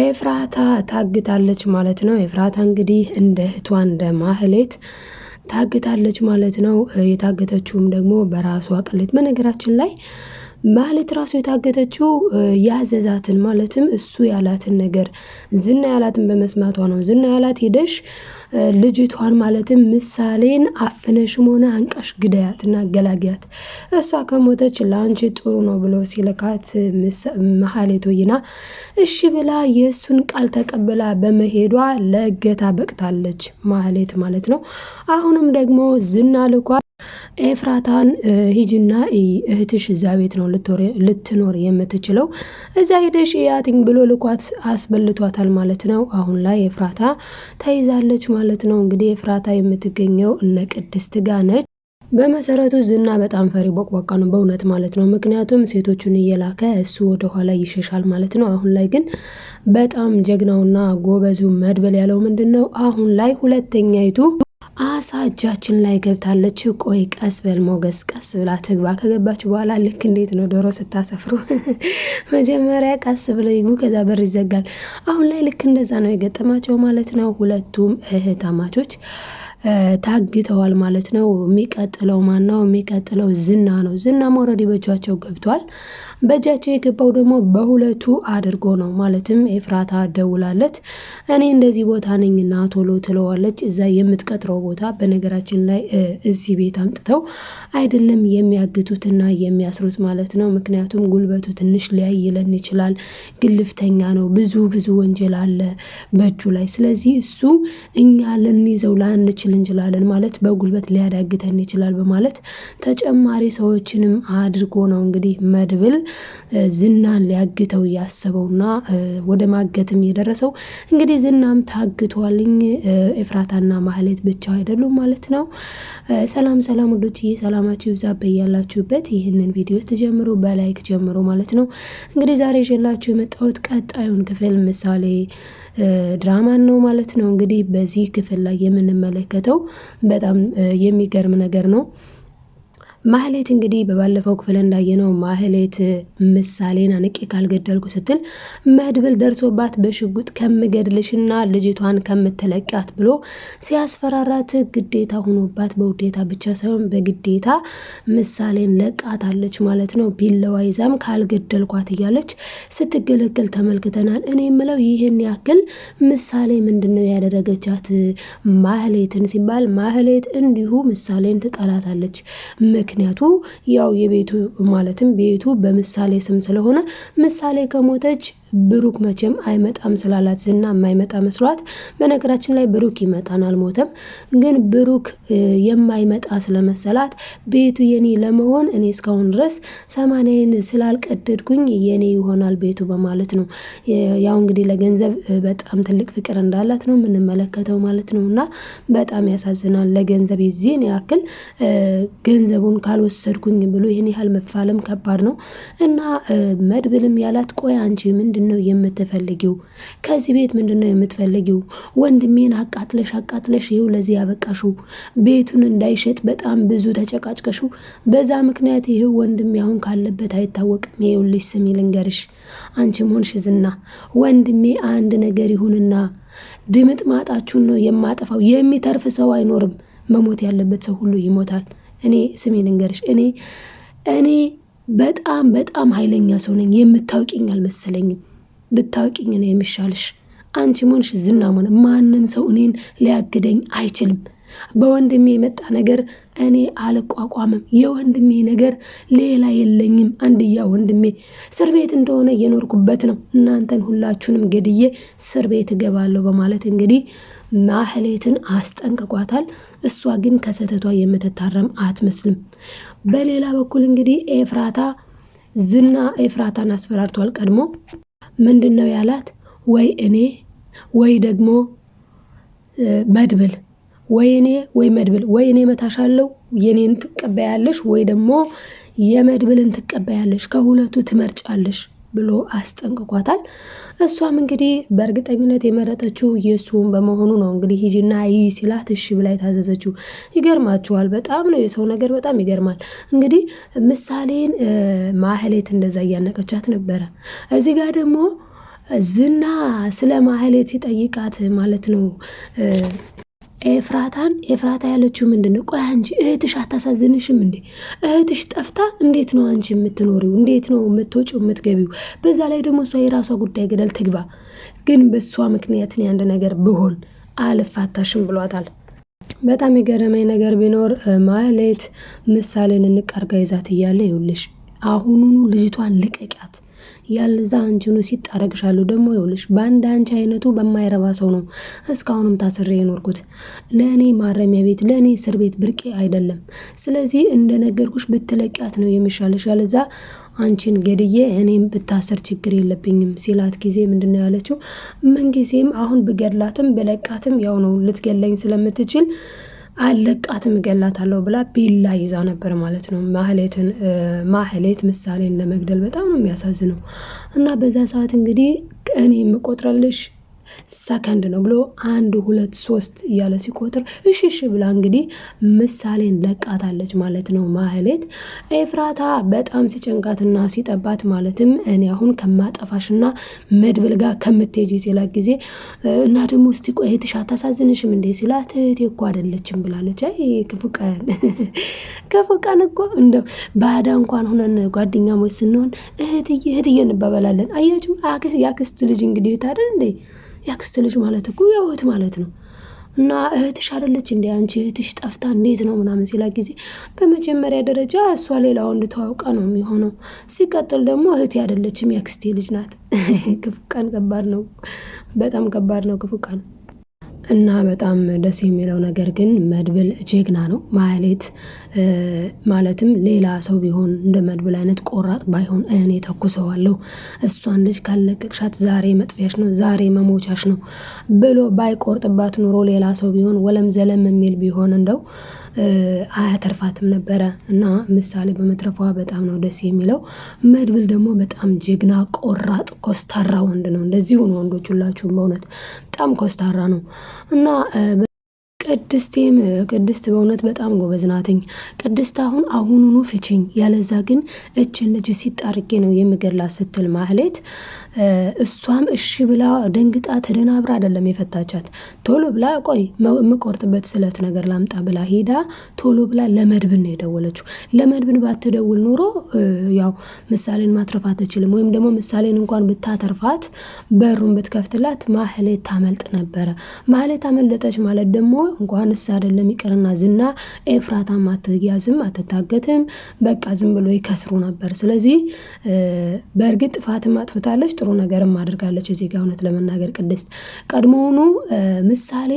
ኤፍራታ ታግታለች ማለት ነው። ኤፍራታ እንግዲህ እንደ እህቷ እንደ ማህሌት ታግታለች ማለት ነው። የታገተችውም ደግሞ በራሷ ቅሌት። በነገራችን ላይ ማህሌት ራሱ የታገተችው ያዘዛትን ማለትም እሱ ያላትን ነገር ዝና ያላትን በመስማቷ ነው። ዝና ያላት ሄደሽ ልጅቷን ማለትም ምሳሌን አፍነሽም ሆነ አንቃሽ ግዳያት እና አገላጊያት፣ እሷ ከሞተች ለአንቺ ጥሩ ነው ብሎ ሲልካት መሀሌቱ ይና እሺ ብላ የእሱን ቃል ተቀብላ በመሄዷ ለእገታ በቅታለች። ማህሌት ማለት ነው። አሁንም ደግሞ ዝና ልኳ ኤፍራታን ሂጅና እህትሽ እዛ ቤት ነው ልትኖር የምትችለው እዛ ሄደሽ ያትኝ ብሎ ልኳት አስበልቷታል ማለት ነው። አሁን ላይ ኤፍራታ ተይዛለች ማለት ነው። እንግዲህ ኤፍራታ የምትገኘው እነ ቅድስት ጋ ነች። በመሰረቱ ዝና በጣም ፈሪ ቦቅቧቃ ነው በእውነት ማለት ነው። ምክንያቱም ሴቶቹን እየላከ እሱ ወደኋላ ይሸሻል ማለት ነው። አሁን ላይ ግን በጣም ጀግናውና ጎበዙ መድበል ያለው ምንድን ነው? አሁን ላይ ሁለተኛይቱ አሳ እጃችን ላይ ገብታለች። ቆይ ቀስ በል ሞገስ፣ ቀስ ብላ ትግባ። ከገባች በኋላ ልክ እንዴት ነው ዶሮ ስታሰፍሩ መጀመሪያ ቀስ ብለው ይግቡ፣ ከዛ በር ይዘጋል። አሁን ላይ ልክ እንደዛ ነው የገጠማቸው ማለት ነው። ሁለቱም እህታማቾች ታግተዋል ማለት ነው። የሚቀጥለው ማን ነው? የሚቀጥለው ዝና ነው። ዝና ኦልሬዲ በእጃቸው ገብቷል። በእጃቸው የገባው ደግሞ በሁለቱ አድርጎ ነው። ማለትም ኤፍራታ ደውላለት እኔ እንደዚህ ቦታ ነኝና ቶሎ ትለዋለች። እዛ የምትቀጥረው ቦታ በነገራችን ላይ እዚህ ቤት አምጥተው አይደለም የሚያግቱትና የሚያስሩት ማለት ነው። ምክንያቱም ጉልበቱ ትንሽ ሊያይለን ይችላል። ግልፍተኛ ነው። ብዙ ብዙ ወንጀል አለ በእጁ ላይ። ስለዚህ እሱ እኛ ልንይዘው ላንችል እንችላለን ማለት በጉልበት ሊያዳግተን ይችላል በማለት ተጨማሪ ሰዎችንም አድርጎ ነው እንግዲህ መድብል ዝናን ሊያግተው ያሰበውና ወደ ማገትም የደረሰው እንግዲህ ዝናም ታግቷልኝ። ኤፍራታና ማህሌት ብቻ አይደሉም ማለት ነው። ሰላም ሰላም ወዶች ሰላማችሁ ይብዛ በያላችሁበት። ይህንን ቪዲዮ ተጀምሮ በላይክ ጀምሮ ማለት ነው። እንግዲህ ዛሬ ይዤላችሁ የመጣሁት ቀጣዩን ክፍል ምሳሌ ድራማን ነው ማለት ነው። እንግዲህ በዚህ ክፍል ላይ የምንመለከተው በጣም የሚገርም ነገር ነው። ማህሌት እንግዲህ በባለፈው ክፍል እንዳየነው ማህሌት ምሳሌን አንቄ ካልገደልኩ ስትል መድብል ደርሶባት በሽጉጥ ከምገድልሽና ልጅቷን ከምትለቂያት ብሎ ሲያስፈራራት ግዴታ ሆኖባት በውዴታ ብቻ ሳይሆን በግዴታ ምሳሌን ለቃታለች ማለት ነው። ቢለዋ ይዛም ካልገደልኳት እያለች ስትገለገል ተመልክተናል። እኔ የምለው ይህን ያክል ምሳሌ ምንድን ነው ያደረገቻት ማህሌትን ሲባል ማህሌት እንዲሁ ምሳሌን ትጠላታለች። ምክንያቱ ያው የቤቱ ማለትም ቤቱ በምሳሌ ስም ስለሆነ ምሳሌ ከሞተች ብሩክ መቼም አይመጣም ስላላት ዝና የማይመጣ መስሏት፣ በነገራችን ላይ ብሩክ ይመጣን አልሞተም። ግን ብሩክ የማይመጣ ስለመሰላት ቤቱ የኔ ለመሆን እኔ እስካሁን ድረስ ሰማንያዬን ስላልቀደድኩኝ የኔ ይሆናል ቤቱ በማለት ነው። ያው እንግዲህ ለገንዘብ በጣም ትልቅ ፍቅር እንዳላት ነው የምንመለከተው ማለት ነው። እና በጣም ያሳዝናል። ለገንዘብ የዚህን ያክል ገንዘቡን ካልወሰድኩኝ ብሎ ይህን ያህል መፋለም ከባድ ነው እና መድብልም ያላት ቆይ አንቺ ምንድን ምንድን ነው የምትፈልጊው? ከዚህ ቤት ምንድን ነው የምትፈልጊው? ወንድሜን አቃጥለሽ አቃጥለሽ ይኸው ለዚህ ያበቃሽው። ቤቱን እንዳይሸጥ በጣም ብዙ ተጨቃጭቀሹ፣ በዛ ምክንያት ይህው ወንድሜ አሁን ካለበት አይታወቅም። ይኸውልሽ ስሚ ልንገርሽ፣ አንቺም ሆንሽ ዝና ወንድሜ አንድ ነገር ይሁንና ድምጥ ማጣችሁን ነው የማጠፋው። የሚተርፍ ሰው አይኖርም። መሞት ያለበት ሰው ሁሉ ይሞታል። እኔ ስሚ ልንገርሽ፣ እኔ እኔ በጣም በጣም ኃይለኛ ሰው ነኝ። የምታውቂኝ አልመሰለኝም። ብታውቂኝ ነው የሚሻልሽ። አንቺ ሞንሽ ዝና ሆነ ማንም ሰው እኔን ሊያግደኝ አይችልም። በወንድሜ የመጣ ነገር እኔ አልቋቋምም። የወንድሜ ነገር ሌላ የለኝም። አንድያ ወንድሜ እስር ቤት እንደሆነ እየኖርኩበት ነው። እናንተን ሁላችሁንም ገድዬ እስር ቤት እገባለሁ በማለት እንግዲህ ማህሌትን አስጠንቅቋታል። እሷ ግን ከስህተቷ የምትታረም አትመስልም። በሌላ በኩል እንግዲህ ኤፍራታ ዝና ኤፍራታን አስፈራርቷል ቀድሞ ምንድን ነው ያላት? ወይ እኔ ወይ ደግሞ መድብል ወይ እኔ ወይ መድብል ወይ እኔ መታሻለው የኔን ትቀበያለሽ፣ ወይ ደግሞ የመድብልን ትቀበያለሽ፣ ከሁለቱ ትመርጫለሽ ብሎ አስጠንቅቋታል። እሷም እንግዲህ በእርግጠኝነት የመረጠችው የእሱን በመሆኑ ነው። እንግዲህ ሂጂና ይ ሲላት እሺ ብላ የታዘዘችው ይገርማችኋል። በጣም ነው የሰው ነገር በጣም ይገርማል። እንግዲህ ምሳሌን ማህሌት እንደዛ እያነቀቻት ነበረ። እዚህ ጋር ደግሞ ዝና ስለ ማህሌት ሲጠይቃት ማለት ነው ኤፍራታን ኤፍራታ ያለችው ምንድን ነው? ቆይ አንቺ እህትሽ አታሳዝንሽም እንዴ? እህትሽ ጠፍታ እንዴት ነው አንቺ የምትኖሪው? እንዴት ነው የምትወጪው የምትገቢው? በዛ ላይ ደግሞ እሷ የራሷ ጉዳይ ገደል ትግባ፣ ግን በእሷ ምክንያት እኔ አንድ ነገር ብሆን አልፋታሽም ብሏታል። በጣም የገረመኝ ነገር ቢኖር ማህሌት ምሳሌን እንቀርጋ ይዛት እያለ ይውልሽ፣ አሁኑኑ ልጅቷን ልቀቂያት ያልዛ አንቺ ሆኖ ሲጥ አረግሻለሁ። ደግሞ ይኸውልሽ በአንድ አንቺ አይነቱ በማይረባ ሰው ነው እስካሁንም ታስሬ የኖርኩት። ለእኔ ማረሚያ ቤት፣ ለእኔ እስር ቤት ብርቄ አይደለም። ስለዚህ እንደነገርኩሽ ብትለቂያት ነው የሚሻለሽ። ያልዛ አንቺን ገድዬ እኔም ብታሰር ችግር የለብኝም ሲላት ጊዜ ምንድን ነው ያለችው? ምንጊዜም አሁን ብገድላትም ብለቃትም ያው ነው ልትገለኝ ስለምትችል አለቃትም እገላታለሁ ብላ ቢላ ይዛ ነበር ማለት ነው። ማህሌትን ማህሌት ምሳሌን ለመግደል በጣም ነው የሚያሳዝነው እና በዛ ሰዓት እንግዲህ እኔ የምቆጥረልሽ ሰከንድ ነው ብሎ አንድ ሁለት ሶስት እያለ ሲቆጥር እሽሽ ብላ እንግዲህ ምሳሌን ለቃታለች ማለት ነው ማህሌት። ኤፍራታ በጣም ሲጨንቃትና ሲጠባት ማለትም እኔ አሁን ከማጠፋሽና መድብል ጋር ከምትሄጂ ሲላት ጊዜ እና ደግሞ እስቲ ቆይ እህትሽ አታሳዝንሽም እንዴ ሲላት እህቴ እኮ አይደለችም ብላለች። አይ ክፉ ቀን ክፉ ቀን እኮ እንደ ባዳ እንኳን ሆነን ጓደኛሞች ስንሆን እህትዬ እህትዬ እንባበላለን። አያችሁ የአክስት ልጅ እንግዲህ እህት አይደል እንዴ ያክስት ልጅ ማለት እኮ ያው እህት ማለት ነው። እና እህትሽ አደለች እንዲ አንቺ እህትሽ ጠፍታ እንዴት ነው ምናምን ሲላ ጊዜ በመጀመሪያ ደረጃ እሷ ሌላ ወንድ ተዋውቃ ነው የሚሆነው። ሲቀጥል ደግሞ እህቴ ያደለችም ያክስቴ ልጅ ናት። ክፉ ቀን ከባድ ነው፣ በጣም ከባድ ነው ክፉ ቀን እና በጣም ደስ የሚለው ነገር ግን መድብል ጀግና ነው። ማህሌት ማለትም ሌላ ሰው ቢሆን እንደ መድብል አይነት ቆራጥ ባይሆን እኔ ተኩሰዋለሁ፣ እሷን ልጅ ካለቀቅሻት ዛሬ መጥፊያሽ ነው፣ ዛሬ መሞቻሽ ነው ብሎ ባይቆርጥባት ኑሮ ሌላ ሰው ቢሆን ወለም ዘለም የሚል ቢሆን እንደው አያተርፋትም ነበረ እና ምሳሌ በመትረፏ በጣም ነው ደስ የሚለው። መድብል ደግሞ በጣም ጀግና፣ ቆራጥ፣ ኮስታራ ወንድ ነው። እንደዚህ ሆኑ ወንዶች ሁላችሁም በእውነት በጣም ኮስታራ ነው እና ቅድስቴም ቅድስት በእውነት በጣም ጎበዝ ናትኝ። ቅድስት አሁን አሁኑኑ ፍችኝ፣ ያለዛ ግን እችን ልጅ ሲጣርጌ ነው የምገላ ስትል ማህሌት እሷም እሺ ብላ ደንግጣ ተደናብራ አይደለም የፈታቻት። ቶሎ ብላ ቆይ የምቆርጥበት ስለት ነገር ላምጣ ብላ ሄዳ ቶሎ ብላ ለመድብን ነው የደወለችው። ለመድብን ባትደውል ኑሮ ያው ምሳሌን ማትረፍ አትችልም። ወይም ደግሞ ምሳሌን እንኳን ብታተርፋት በሩን ብትከፍትላት ማህሌ ታመልጥ ነበረ። ማህሌ ታመለጠች ማለት ደግሞ እንኳን እሳ አይደለም ይቅርና ዝና ኤፍራታም አትያዝም፣ አትታገትም። በቃ ዝም ብሎ ይከስሩ ነበር። ስለዚህ በእርግጥ ጥፋትም አጥፍታለች። ጥሩ ነገርም አድርጋለች እዚህ ጋር እውነት ለመናገር ቅድስት ቀድሞውኑ ምሳሌ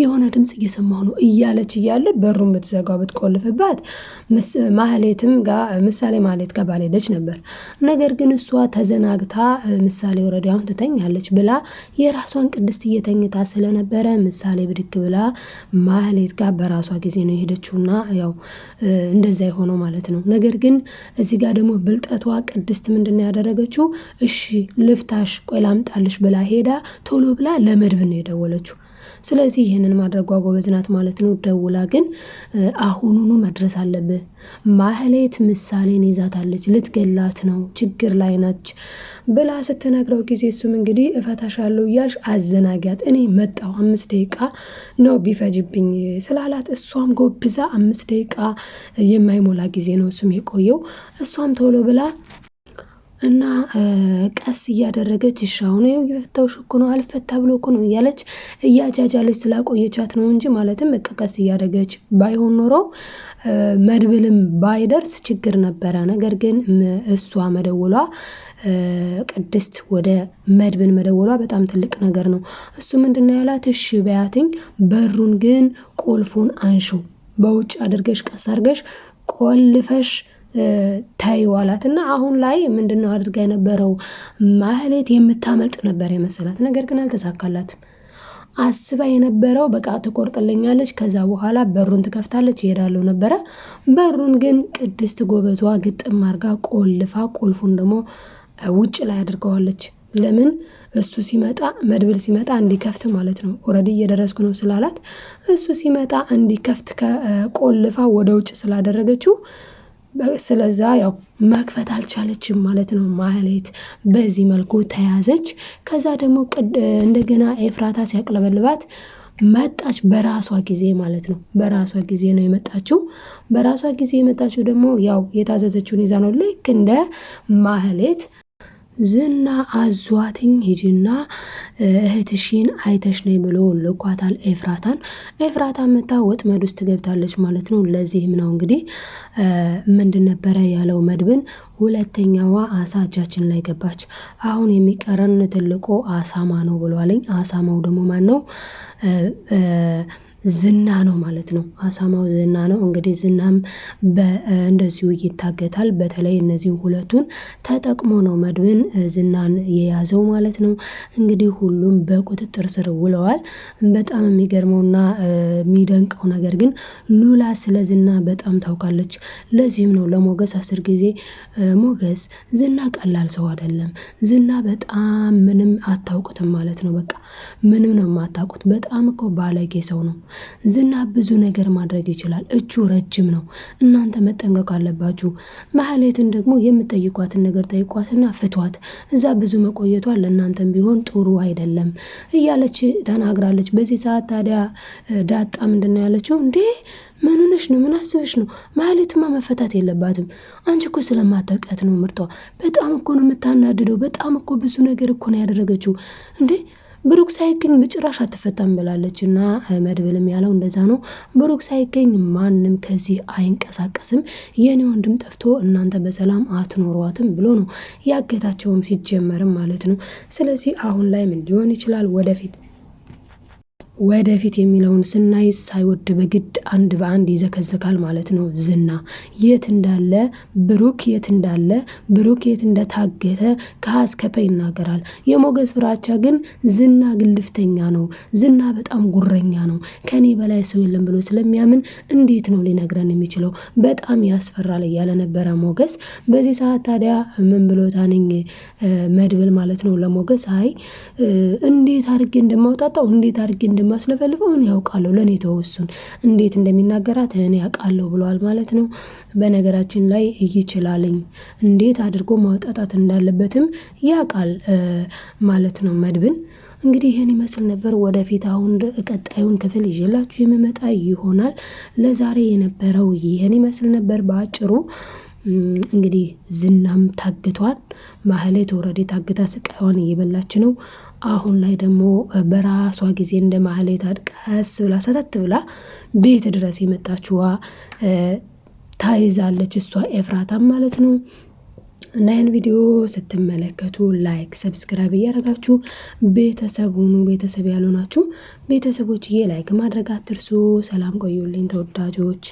የሆነ ድምፅ እየሰማሁ ነው እያለች እያለ በሩ የምትዘጋው ብትቆልፍባት ማህሌትም ጋር ምሳሌ ማህሌት ጋር ባልሄደች ነበር። ነገር ግን እሷ ተዘናግታ ምሳሌ ወረዲ አሁን ትተኛለች ብላ የራሷን ቅድስት እየተኝታ ስለነበረ ምሳሌ ብድግ ብላ ማህሌት ጋር በራሷ ጊዜ ነው የሄደችውና ያው እንደዛ የሆነው ማለት ነው። ነገር ግን እዚህ ጋር ደግሞ ብልጠቷ ቅድስት ምንድን ያደረገችው? እሺ ልፍታሽ ቆይ ላምጣልሽ ብላ ሄዳ ቶሎ ብላ ለመድብን ነው የደወለችው። ስለዚህ ይህንን ማድረጓ ጎበዝ ናት ማለት ነው። ደውላ ግን አሁኑኑ መድረስ አለብህ። ማህሌት ምሳሌን ይዛታለች፣ ልትገላት ነው፣ ችግር ላይ ናች ብላ ስትነግረው ጊዜ እሱም እንግዲህ እፈታሻለሁ እያልሽ አዘናጊያት፣ እኔ መጣሁ አምስት ደቂቃ ነው ቢፈጅብኝ ስላላት እሷም ጎብዛ አምስት ደቂቃ የማይሞላ ጊዜ ነው እሱም የቆየው እሷም ቶሎ ብላ እና ቀስ እያደረገች እሺ አሁን ይኸው ነው አልፈታ ብሎ እኮ ነው እያለች እያጃጃለች ስላቆየቻት ነው እንጂ ማለትም በቃ ቀስ እያደረገች ባይሆን ኖሮ መድብልም ባይደርስ ችግር ነበረ። ነገር ግን እሷ መደወሏ ቅድስት ወደ መድብን መደወሏ በጣም ትልቅ ነገር ነው። እሱ ምንድነው ያላት? እሺ በያትኝ፣ በሩን ግን ቁልፉን አንሹ በውጭ አድርገሽ ቀስ አድርገሽ ቆልፈሽ ታይዋላት እና አሁን ላይ ምንድነው አድርጋ የነበረው ማህሌት የምታመልጥ ነበር የመሰላት ነገር ግን አልተሳካላትም። አስባ የነበረው በቃ ትቆርጥልኛለች፣ ከዛ በኋላ በሩን ትከፍታለች ይሄዳለሁ ነበረ። በሩን ግን ቅድስት ጎበዟ ግጥም አርጋ ቆልፋ ቁልፉን ደግሞ ውጭ ላይ አድርገዋለች። ለምን እሱ ሲመጣ መድብል ሲመጣ እንዲከፍት ማለት ነው። ኦልሬዲ እየደረስኩ ነው ስላላት እሱ ሲመጣ እንዲከፍት ቆልፋ ወደ ውጭ ስላደረገችው ስለዛ ያው መክፈት አልቻለችም ማለት ነው። ማህሌት በዚህ መልኩ ተያዘች። ከዛ ደግሞ እንደገና ኤፍራታ ሲያቅለበልባት መጣች። በራሷ ጊዜ ማለት ነው። በራሷ ጊዜ ነው የመጣችው። በራሷ ጊዜ የመጣችው ደግሞ ያው የታዘዘችውን ይዛ ነው ልክ እንደ ማህሌት ዝና አዟትኝ ሂጂና እህትሽን አይተሽ ነይ ብሎ ልኳታል ኤፍራታን። ኤፍራታ መታ ወጥመድ ውስጥ ገብታለች ማለት ነው። ለዚህም ነው እንግዲህ ምንድን ነበረ ያለው መድብን፣ ሁለተኛዋ አሳ እጃችን ላይ ገባች፣ አሁን የሚቀረን ትልቁ አሳማ ነው ብሏለኝ። አሳማው ደግሞ ማን ነው? ዝና ነው ማለት ነው። አሳማው ዝና ነው እንግዲህ። ዝናም እንደዚሁ ይታገታል። በተለይ እነዚህ ሁለቱን ተጠቅሞ ነው መድብን ዝናን የያዘው ማለት ነው። እንግዲህ ሁሉም በቁጥጥር ስር ውለዋል። በጣም የሚገርመውና የሚደንቀው ነገር ግን ሉላ ስለ ዝና በጣም ታውቃለች። ለዚህም ነው ለሞገስ አስር ጊዜ ሞገስ ዝና ቀላል ሰው አይደለም፣ ዝና በጣም ምንም አታውቁትም ማለት ነው። በቃ ምንም ነው የማታውቁት። በጣም እኮ ባለጌ ሰው ነው። ዝና ብዙ ነገር ማድረግ ይችላል። እጁ ረጅም ነው። እናንተ መጠንቀቅ አለባችሁ። መሀሌትን ደግሞ የምጠይቋትን ነገር ጠይቋትና ፍቷት። እዛ ብዙ መቆየቷ ለእናንተም ቢሆን ጥሩ አይደለም እያለች ተናግራለች። በዚህ ሰዓት ታዲያ ዳጣ ምንድን ነው ያለችው? እንዴ ምን ሆነሽ ነው? ምን አስበሽ ነው? ማህሌትማ መፈታት የለባትም። አንቺ እኮ ስለማታውቂያት ነው ምርቷ በጣም እኮ ነው የምታናድደው። በጣም እኮ ብዙ ነገር እኮ ነው ያደረገችው እንዴ ብሩክ ሳይገኝ በጭራሽ አትፈታም ብላለች እና መድብልም ያለው እንደዛ ነው። ብሩክ ሳይገኝ ማንም ከዚህ አይንቀሳቀስም፣ የኔ ወንድም ጠፍቶ እናንተ በሰላም አትኖሯትም ብሎ ነው ያገታቸውም ሲጀመርም ማለት ነው። ስለዚህ አሁን ላይ ምን ሊሆን ይችላል ወደፊት ወደፊት የሚለውን ስናይ ሳይወድ በግድ አንድ በአንድ ይዘከዘካል ማለት ነው። ዝና የት እንዳለ ብሩክ የት እንዳለ ብሩክ የት እንደታገተ ከሀ ይናገራል። የሞገስ ፍራቻ ግን ዝና ግልፍተኛ ነው፣ ዝና በጣም ጉረኛ ነው፣ ከኔ በላይ ሰው የለም ብሎ ስለሚያምን እንዴት ነው ሊነግረን የሚችለው? በጣም ያስፈራል እያለ ነበረ ሞገስ። በዚህ ሰዓት ታዲያ ምን ብሎታንኝ መድብል ማለት ነው ለሞገስ አይ እንዴት አድርጌ እንደማውጣጣው እንዴት አድርጌ እንደማስለፈልፈው እኔ ያውቃለሁ። ለእኔ ተወሱን እንዴት እንደሚናገራት እኔ ያውቃለሁ ብለዋል ማለት ነው። በነገራችን ላይ ይችላልኝ እንዴት አድርጎ ማውጣጣት እንዳለበትም ያውቃል ማለት ነው መድብን እንግዲህ ይህን ይመስል ነበር። ወደፊት አሁን ቀጣዩን ክፍል ይዤላችሁ የምመጣ ይሆናል። ለዛሬ የነበረው ይህን ይመስል ነበር በአጭሩ እንግዲህ ዝናም ታግቷል። ማህሌት ወረዴ ታግታ ስቃይዋን እየበላች ነው። አሁን ላይ ደግሞ በራሷ ጊዜ እንደ ማህሌት አድቃስ ብላ ሰተት ብላ ቤት ድረስ የመጣችዋ ታይዛለች፣ እሷ ኤፍራታም ማለት ነው። እና ይህን ቪዲዮ ስትመለከቱ ላይክ፣ ሰብስክራይብ እያደረጋችሁ ቤተሰብ ሁኑ። ቤተሰብ ያልሆናችሁ ቤተሰቦችዬ ላይክ ማድረግ አትርሱ። ሰላም ቆዩልኝ ተወዳጆች።